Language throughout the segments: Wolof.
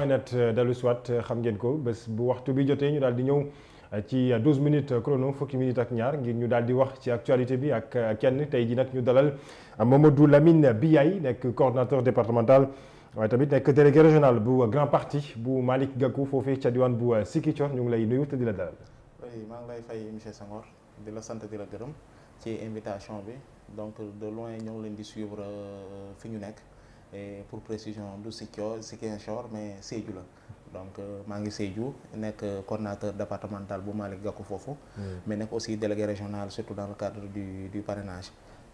point net euh, dellu si waat euh, xam ngeen ko bés bu waxtu bi jotee ñu daal di ñëw euh, ci 12 minutes chrono fukki minutes ak ñaar ngir ñu daal di wax ci actualité bi ak kenn tey ji nag ñu dalal Mamadou Lamine Biaye nekk coordonnateur départemental waaye tamit nekk délégué régional bu Grand Parti bu Malick Gakou foofee ca diwaan bu Ziguinchor ñu ngi lay nuyu di la dalal. maa ngi lay fay monsieur Senghor di la sant di la gërëm ci invitation bi donc de loin ñoo leen di suivre fi ñu et pour précision du Sikio Ziguinchor mais Sédhiou la donc euh, maa ngi Sédhiou nekk euh, coordonnateur départemental bu Malick Gakou foofu mm. mais nekk aussi délégué régional surtout dans le cadre du du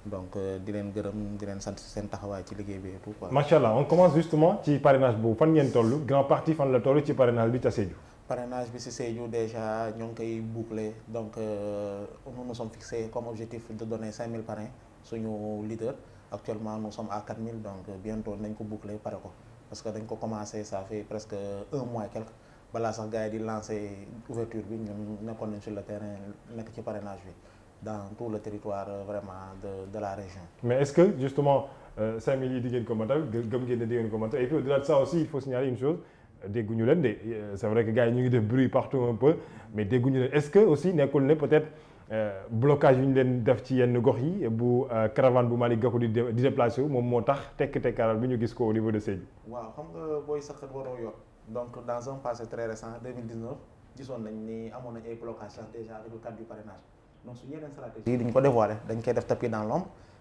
donc euh, di leen gërëm di leen sant seen taxawaay ci liggéey bi et tout quoi. macha allah on commence justement ci parrainage boobu fan ngeen toll grand parti fan la toll ci parrainage bi ta Sédhiou. parrainage bi si Sédhiou déjà ñoo ngi koy boucler donc nous nous sommes fixés comme objectif de donner 5000 parrains suñu leader. actuellement nous sommes à 4000 donc euh, bientôt nañ ko boucler pare ko parce que dañ ko commencé ça fait presque un mois quelque balaa sax gars di lancer ouverture bi ñun nekkoon nañ sur le terrain nekk ci parrainage bi dans tout le territoire euh, vraiment de de la région. mais est-ce que justement 5000 euh, yi di ngeen ko matal gëm ngeen et puis au-delà de aussi il signaler une chose dégguñu leen de c'est vrai que gars ñu ngi def bruit partout un peu mais aussi nekkul ne Euh, blocage yu ñu leen def ci yenn gox yi bu euh, caravane bu Malick Gakou di di déplacé moom moo tax tekk tekkaaral bi ñu gis ko au niveau de Sédhiou. waaw xam nga booy saqat waroo yor donc dans un passé très récent 2019 gisoon nañ ni amoon nañ ay blocage sax déjà avec le cadre du parrainage donc suñu yeneen stratégie dañ ko dévoilé dañ koy def tapis dans l'ombre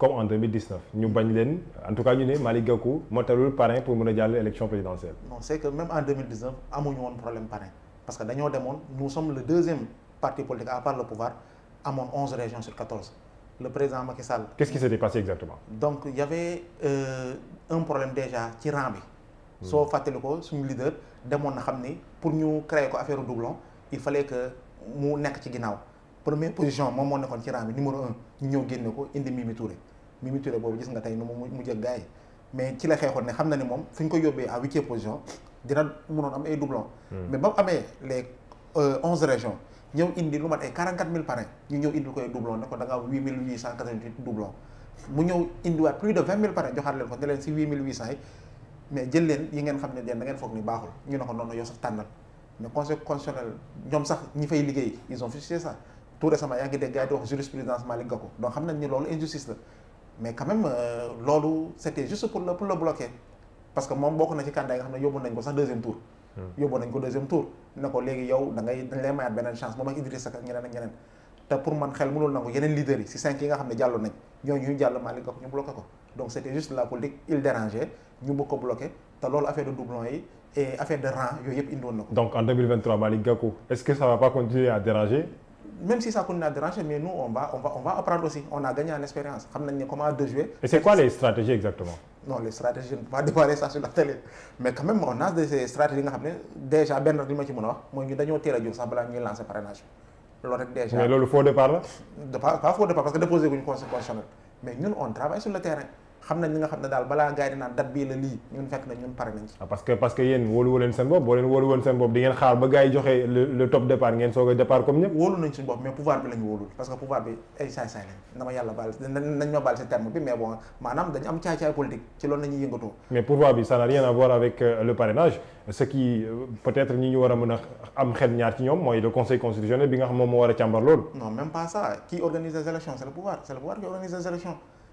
comme en 2019 ñu bañ leen en tout cas ñu ne Malick Gakou moo talul parrain pour mën a jàll élection présidentielle. non c'est que même en 2019 amuñu woon problème parrain parce que dañoo demoon nous sommes le deuxième parti politique à part le pouvoir amoon 11 régions sur 14 le président Macky Sall. qu'est-ce qui s'était passé exactement. donc y euh, un problème déjà ci rang bi. Hmm. soo fàttali ko suñu leader demoon na xam ni pour ñu créer ko affaire doublon il fallait que nekk ci ginnaaw première position moom moo nekkoon ci rang bi numéro un ñu ñëw génne ko indi Mimi Touré. Mimi Touré boobu gis nga tey nu mu mujj ak gars moom fu ñu ko yóbbee à ay doublon hmm. mais ba mu amee les euh, onze régions ñëw indi lu mat ay quarante quatre mille parrain ñu ñëw indi koy doublon ne ko da nga am huit indiwaat plus de vingt mille parrain joxaat leen ko ne leen si huit mille huit cent yi mais jël leen yi ngeen xam ne den da ngeen foog ni baaxul ñu ne ko noonu yow sax tànnal mais conseil constitutionnel ñoom sax ñi fay liggéey ils ont fiché ça tout yaa ngi dégg gars yi di wax jurisprudence Malick Gakou donc xam nañ ni loolu injustice la mais quand euh, loolu c' était pour le pour le bloquer parce que moom bokk na ci candidat yi nga xam ne yóbbu nañ ko sax deuxième tour. Hmm. yóbbu nañ ko deuxième tour ne ko léegi yow da ngay dañ lay mayaat beneen chance moom ak Idrissa ak ñeneen ak ñeneen te pour man xel mënul nangu yeneen leaders yi cinq yi nga xam ne jàlloon nañ ñooñu ñu jàll Malick Gakou ñu bloqué ko donc c' était juste la politique il dérangeait ñu bëgg ko bloqué te loolu affaire de doublon même si ça continue à déranger mais nous on va on va on va apprendre aussi on a gagné en expérience xam nañ de jouer. et c'est quoi les stratégies exactement. non les stratégies je ne peux pas dévoiler ça sur la télé mais quand même on a des stratégies nga xam ne déjà benn li ma ci mën a wax mooy ñu dañoo teel a jóg sax balaa ñuy lancer parrainage bi loolu rek déjà. mais loolu faux départ la. de pas pas faux départ parce que déposé gu ñu conseil constitutionnel mais ñun on travaille sur le terrain. xam nañ li nga xam ne daal balaa gars yi naan date bii la lii ñun fekk na ñun pare nañ ci ah, parce que parce que yéen wóolu leen seen bopp boo leen woon seen bopp di xaar ba gars yi joxe le top départ ngeen soog a départ comme ñëpp wóolu nañ suñu bopp mais pouvoir bi lañ wóolul parce que pouvoir bi ay saay ma yàlla avec euh, le parrainage ce qui euh, peut-être ñu war a mën a am xel ñaar ci ñoom mooy le conseil constitutionnel bi nga xam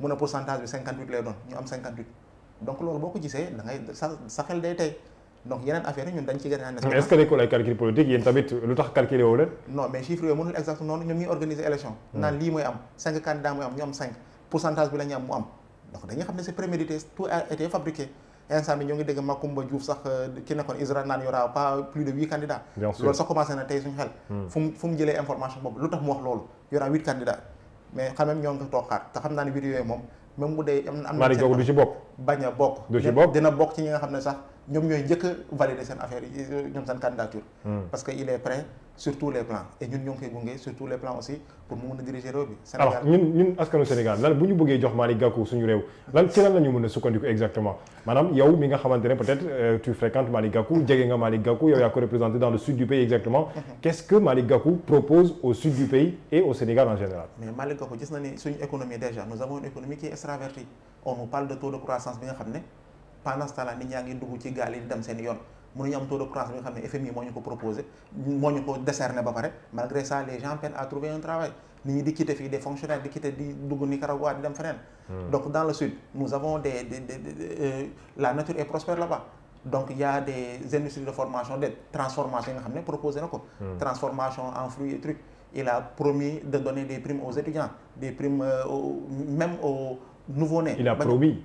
mu pour pourcentage bi 58 lay doon ñu am 58 donc loolu boo ko gisee da ngay sa xel day tey donc yeneen affaire yi dañ ci gën hmm. naan lii mooy am 5 candidats mooy am ñu am 5 pourcentage bi la am mu am donc dañuy xam ne c'est prémédité tout a été fabriqué. instant ñoo ngi dégg Makumba Diouf sax euh, ki nekkoon Israël naan y pas plus de huit candidats. loolu sax commencé na tey suñu xel. Hmm. fu mu fu mu jëlee information mais quand même ñoo ngi ko te xam naa ne vidéo yi moom même bu dee am na. am bopp bañ a bokk. du ci dina bokk ci ñi nga xam ne sax ñoom ñooy njëkk a valider seen affaire yi ñoom seen candidature. Hmm. parce que il est prêt sur les plans et ñun ñoo koy gunge sur les plans aussi pour mu mën a diriger réew bi. Sénégal alors ñun askanu Sénégal lan bu ñu bëggee jox Malick Gakou suñu réew lan ci lan la ñu mën a sukkandiku exactement maanaam yow mi nga xamante ne peut-être euh, tu fréquentes Malick Gakou jege nga Malick Gakou yow yaa ko représenté dans le mhm. na ni suñu économie on nous parle de taux de croissance bi nga xam ne pendant ce nit ñaa ngi dugg ci gaal yi di dem seen yoon mënuñu am taux de croissance bi nga xam ne FMI moo ñu ko proposé moo ñu ko décerné ba pare malgré ça les gens peinent à travail nit ñi di quitter fii des fonctionnaires di quitter di dugg Nicaragua di dem feneen. Hmm. donc dans le sud nous avons des des des euh, la nature est prospère là-bas. donc il y a de formation des transformations yi nga xam ne proposé na ko. Hmm. transformation en fruits nouveau-né. il a promis.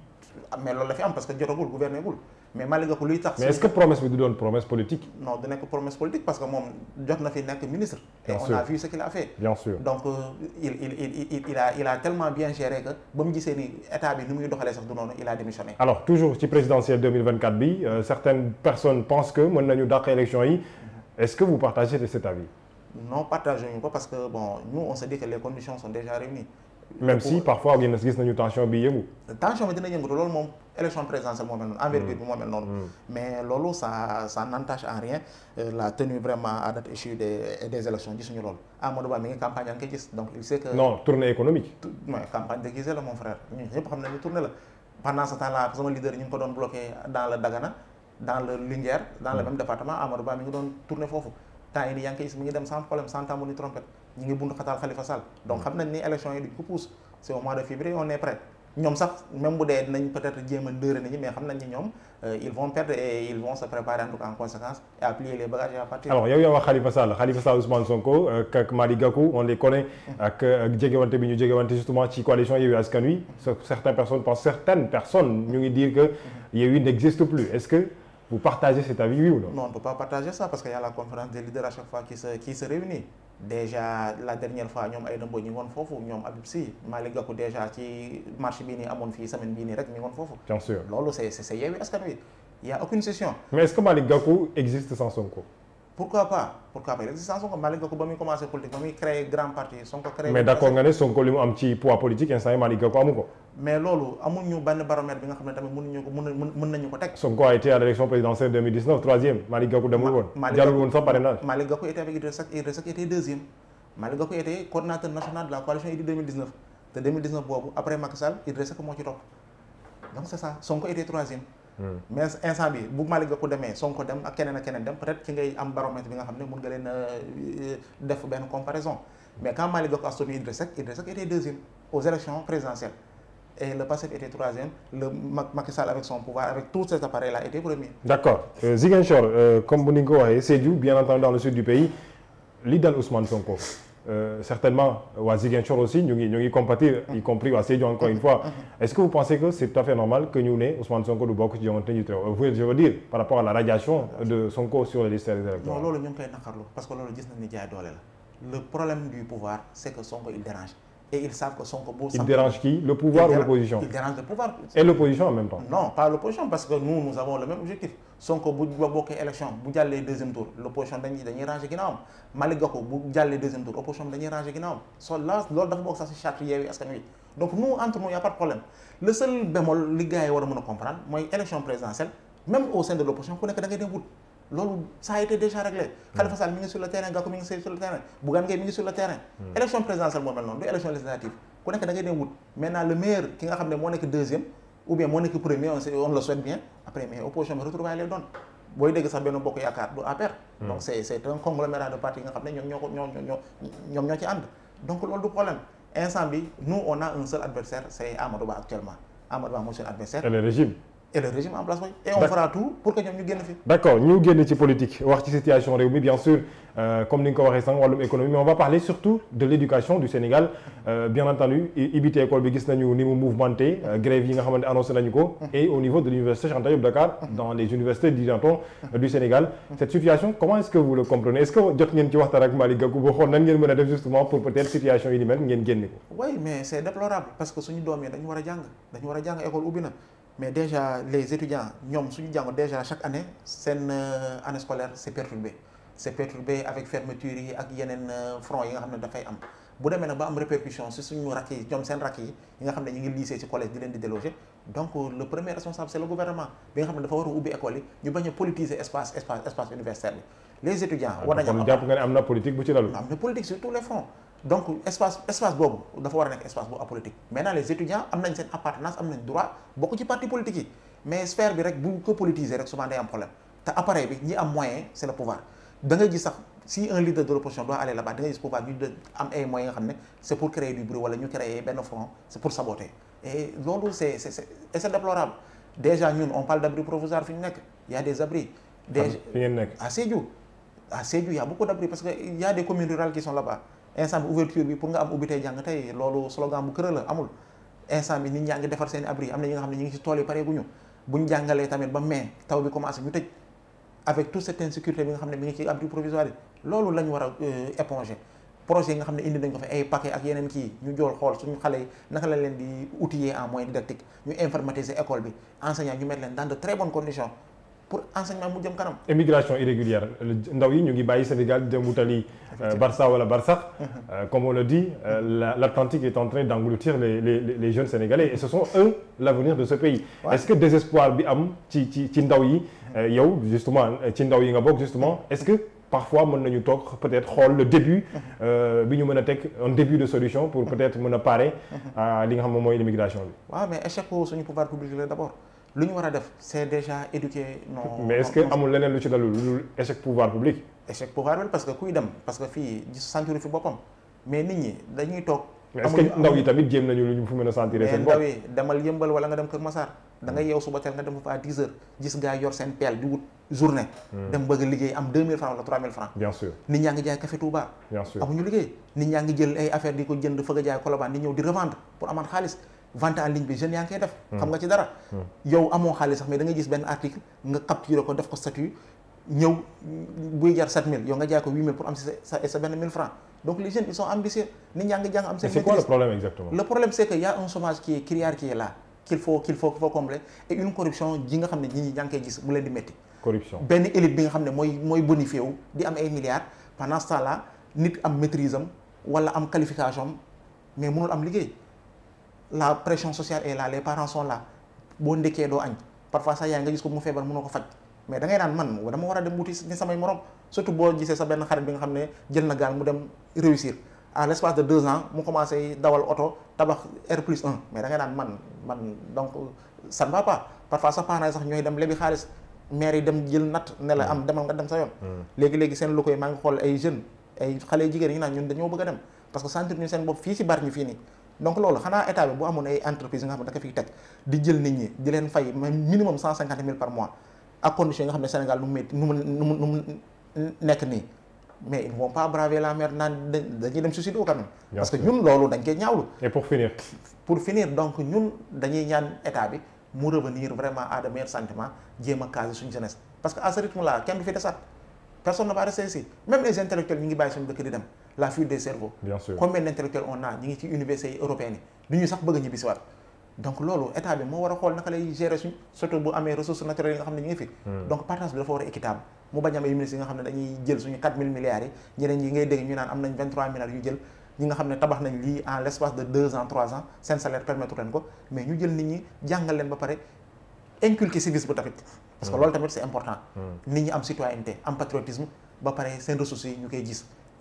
Ah, mais loolu la fi am parce que jotagul gouverné gul mais Malick Gakou luy tax. mais est-ce que promesse bi doon promesse politique. non du nekk promesse politique parce que moom jot na fi nekk ministre. et on a vu ce qu'il a fait. bien sûr euh, il a tellement bien géré que ba mu gisee ni état bi ni muy doxalee sax du noonu il a démissionné. alors toujours ci présidentielle bi euh, certaines personnes pensent que mën nañu dàq élection yi est-ce que vous même si parfois yéen gis nañu tension bi yëngu. tension bi dina yëngu loolu moom élection présidentielle moo mel noonu. envergure mm. bi moo mel noonu. Mm. mais loolu ça ça n'entache en rien euh, la tenue vraiment à date issue des des élections gisuñu loolu Amadou Ba mi ngi campagne yaa ngi koy gis donc il sait que. non tournée économique. mooy campagne déguisée la mon frère ñun ñëpp xam nañu tournée la pendant temps là sama leader ñu ngi ko doon bloqué dans le mm. ñu ngi buntu xataal Khalifa Sall donc mm. xam nañ ni élection yi duñ ko pousse c'est au mois de février on est prêt ñoom sax même bu dee dinañ peut-être jéem a ndëre nañu mais xam nañ ni ñoom euh, ils vont perdre et ils vont se préparer en tout cas en conséquence et à les bagages et à alors yow yaa wax Khalifa Sall Khalifa Sall Ousmane Sonko ak Malick Gakou on les connaît. Mm. ak jegewante bi ñu jegewante justement ci coalition Yewwi Askan Wi. certaines que mm. Yewwi n'existe plus déjà la dernière fois ñoom ay dëmboo ñi woon foofu ñoom Abib Sy Malick Gakou déjà ci marché bii nii amoon fii semaine bii nii rek mi woon foofu. bien sûr loolu c'est c'est Yewwi Wi y a aucune session. mais est-ce que Malick Gakou existe son Sonko. pourquoi pas pourquoi pas l'existence Sonko maa leen ko ba muy commencé politique ba muy créé grand parti Sonko créé mais d'accord nga ne Sonko li mu am ci politique instant yi Malick Gakou amu ko nga xam ne tamit mënuñu ko ko teg Sonko a été à l'élection présidentielle 2019 troisième Malick Gakou demul woon jarul sax parrainage Malick Gakou était avec Idrissa Seck Idrissa Seck était deuxième Malick Gakou était coordinateur national de la coalition Idy 2019 te 2019 boobu après Macky Sall Idrissa moo ci topp mais instant bi bu Malick Gakou demee Sonko dem ak keneen ak keneen dem peut-être ci ngay am baromètre bi nga xam ne mun nga leen euh, def benn comparaison mais quand Malick Gakou a soutenu Idriss Seck Idriss Seck était deuxième aux élections présidentielles et le PASTEF était troisième le Macky Sall avec son pouvoir avec tous ces appareils là était premier. d'accord euh, Ziguinchor euh, comme ni nga ko waxee bien entendu dans le sud du pays li dal Ousmane Sonko. Euh, certainement waa Ziguinchor aussi ñu ngi ñu ngi compatir y compris waa Sédhiou encore une fois est-ce que vous pensez que c'est tout à fait normal que ñu ne Ousmane Sonko du bokk ci joŋante njiitu réew je veux dire par rapport à la radiation de Sonko sur les listes électorales non loolu ñu ngi koy naqarlu parce que loolu gis nañ ni jaay doole la le problème du pouvoir c'est que Sonko il dérange et ils savent que Sonko bu. il dérange qui le pouvoir ou l'opposition il dérange le pouvoir. et l'opposition en même temps. non pas l'opposition parce que nous nous avons le même objectif Sonko bu bokkee élection bu jàllee deuxième tour l'opposition dañuy dañuy ranger ginnaawam Malick Gakou bu jàllee deuxième tour opposition bi dañuy ranger ginnaawam soo la loolu dafa bokk sax si charte Yewwi Askan Wi donc nous entre nous y a pas de problème le seul bémol li gars yi war a mën a comprendre mooy élection présidentielle même au sein de l'opposition ku nekk da ngay dem loolu ça a été déjà réglé. Hmm. Khalifa Sall mi ngi sur le terrain Gakou mi ngi sur le terrain Bougane Gueye mi ngi sur le terrain. Hmm. élection présidentielle moo noonu du élection législative ku nekk da ngay dem wut maintenant le meilleur ki nga xam ne moo nekk deuxième ou bien moo nekk premier on on le souhaite bien après mais opposition bi retrouvaille lay doon booy dégg sax benn bokk yaakaar du APR. Hmm. donc c' est c' est de partis nga xam ne ñoom ñoom ñoo a un seul adversaire et le régime en place mooy. et on tout pour que ñoom ñu génn fi. d' ñu génn ci politique wax ci situation réew mi bien sûr euh, comme ni nga ko waxee sànq wàllum économie mais va parler surtout de l' du Sénégal euh, bien entendu ibite école bi gis nañu ni mu mouvementé euh, grève nga xamante annoncé nañu ko. et au niveau de l'université Cheikh Anta Dakar. dans les universités t on du Sénégal. cette situation comment est ce que vous le comprenez est ce que jot a def justement pour peut être situation yi a jàng dañu mais déjà les étudiants ñoom suñu jàngo déjà chaque année seen euh, année scolaire c'est perturbé c'est perturbé avec fermeture yi ak yeneen euh, front yi nga xam ne dafay am bu demee nag ba am répercussion si suñu rakk yi ñoom seen rakk yi yi nga xam ne ñu ngi lycée ci collège di leen di déloger donc euh, le premier responsable c'est le gouvernement bi nga xam ne dafa war a ubbi école yi ñu bañ a espace espace espace les étudiants ah, war nañu am jàpp nga ne am na politique bu ci lalu am na politique sur tous les fronts donc espace espace boobu dafa war a nekk espace bu apolitique maintenant les étudiants am nañ seen appartenance am nañ droit bokk ci parti politique yi mais sphère bi rek bu ko politiser rek souvent day am problème te appareil bi ñi am moyen c'est le pouvoir da ngay sax si un leader de l'opposition doit aller là-bas da ngay gis pouvoir ñu am ay moyens nga xam à ah, Sédhiou y' a beaucoup d' abri parce que y' a des communes rurales qui sont là-bas instant bi ouverture bi pour nga am ubbi tey jàng tey loolu slogan bu kër amul instant bi nit ñaa ngi defar seen abri am na ñi ñu ngi si tool yi pareeguñu buñ jàngalee tamit ba mai taw bi commencé ñu tëj avec toute cette insécurité bi nga xam ne mi ngi ci abri provisoire yi loolu lañ war a euh, éponger projet nga xam ne indi nañ ko fa ay paquet ak yeneen kii ñu jool xool suñu xale yi leen di outiller en moyen didactique ñu informatiser école bi enseignant ñu mettre leen dans pour enseignement mu jëm kanam. immigration irrégulière ndaw yi ñu ngi bàyyi Sénégal dem wutali euh, Barça wala Barsax. Mhm. Euh, comme on le dit euh, la l'Atlantique est en train d'engloutir les les les jeunes sénégalais et ce sont eux l'avenir de ce pays. est-ce que désespoir bi am ci ci ci ndaw yi. yow justement ci ndaw yi nga bokk justement est-ce que parfois na ñu toog peut-être xool le début. Mhm. bi ñu mën a teg un début de solution pour mhm. peut-être mën a parer. li nga xam moom mooy l'immigration bi. waaw mais lu ñu war a def c'est déjà éduqué. non mais est-ce que amul leneen lu ci dalul lu échec pouvoir public. échec pouvoir parce que kuy dem parce que fii gis santuru fi boppam mais nit ñi dañuy toog. mais est-ce que ndaw yi tamit jéem nañu lu ñu fu mën a sentir seen bopp ndaw yi demal yëmbal wala nga dem Kër Massar. da nga hmm. yeew suba teel nga dem fa à 10 heures gis gaa yor seen peel di wut journée. Hmm. dem bëgg liggéey am 2000 francs francs. ngi jaay café ngi jël ay affaire di ko jënd fëgg vente en ligne bi jeunes yaa ngi koy def hmm. xam nga ci dara hmm. yow amoo xaalis sax mais da gis benn article nga capturé ko def ko statut ñëw buy jar 7000 yow nga jaay ko 8000 pour am sa benn 1000 francs donc les jeunes ils sont ambitieux nit ñaa jàng am seen maîtrise le problème c'est que a un chômage qui est criard qui est là qu'il faut qu'il faut faut combler une corruption ji nga xam ne nit ñi ñaa ngi koy gis mu leen di métti benn élite bi nga mooy mooy bonifié wu di am ay milliards pendant ce wala am qualification am mais mënul am liggéey la pression sociale est là les parents sont là boo ndekkee doo añ parfois sax yaay nga gis ko mu feebar mënoo ko faj mais da ngay naan man dama war a dem wuti ni samay morom surtout boo gisee sa benn xarit bi nga xam ne jël na gaal mu dem oto tabax R plus mais da ngay naan man man donc ça ne va pas parfois sax ñooy dem lebi xaalis maire yi dem jël natt ne la am demal nga dem sa yoon. Hmm. léegi-léegi seen locaux yi maa ngi xool ay jeunes ay xale jigéen ñi naan ñun dañoo bëgg a dem parce que sentir ñu seen bopp fii si bar ñu fii nii donc loolu xanaa état bi bu amoon ay entreprise yi nga xam ne da ko fiy teg di jël nit ñi di leen fay minimum cent cinquante mille par mois ak condition yi nga xam ne Sénégal nu mu métti nu mu nekk nii mais ils pas braver la mer naan dañuy dem suicide quand même parce que ñun loolu dañ koy ñaawlu pour finir pour finir donc ñun dañuy ñaan état bi mu revenir vraiment à de meilleurs sentiments jéem a caser suñu parce que à ce rythme kenn du fi desaat personne ne dem la fuite des cerveaux. bien sûr combien d'intellectuels on a ñu ngi ci université yi européennes yi du ñu sax bëgg a ñibbisiwaat donc loolu état bi moo war a xool naka lay gérer suñ surtout bu amee ressources naturelles yi nga xam ne ñu ngi hmm. a équitable mu bañ a am ay ministres yi nga xam ne dañuy jël suñu 4000 milliards yi ñeneen ñi ngay dégg ñu naan am nañ 23 milliards yu jël. ñi nga xam ne tabax nañ lii en l'espace de deux ans trois ans seen salaire permettre leen ko mais ñu jël nit ñi jàngal ba pare inculquer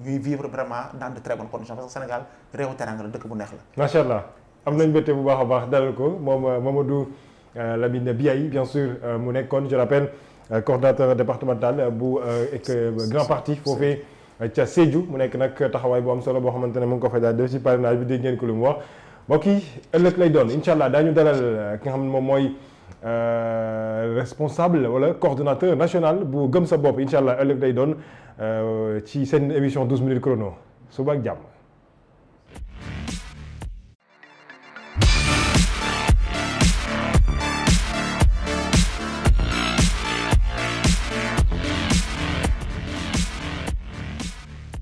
ñuy vivre vraiment dans de très bonnes conditions parce que Sénégal réewu teranga la dëkk bu neex la. macha allah am nañ mbégte bu baax a baax dalal ko moom euh, Mamadou euh, Lamine Biaye bien sûr euh, mu nekkoon je rappelle coordonnateur départemental bu ak grand parti foofee ca Sédhiou mu nekk nag taxawaay bu am solo boo xamante ne mu ngi ko fay daal def ci parrainage bi dégg ngeen ko lu mu wax mbokk yi ëllëg lay doon incha allah daañu dalal ki nga xam ne moom mooy. Euh, responsable wala coordonnateur national bu gëm sa bopp incha allah ëllëg day doon euh, ci seen émission 12 minutes chrono suba ak jàmm.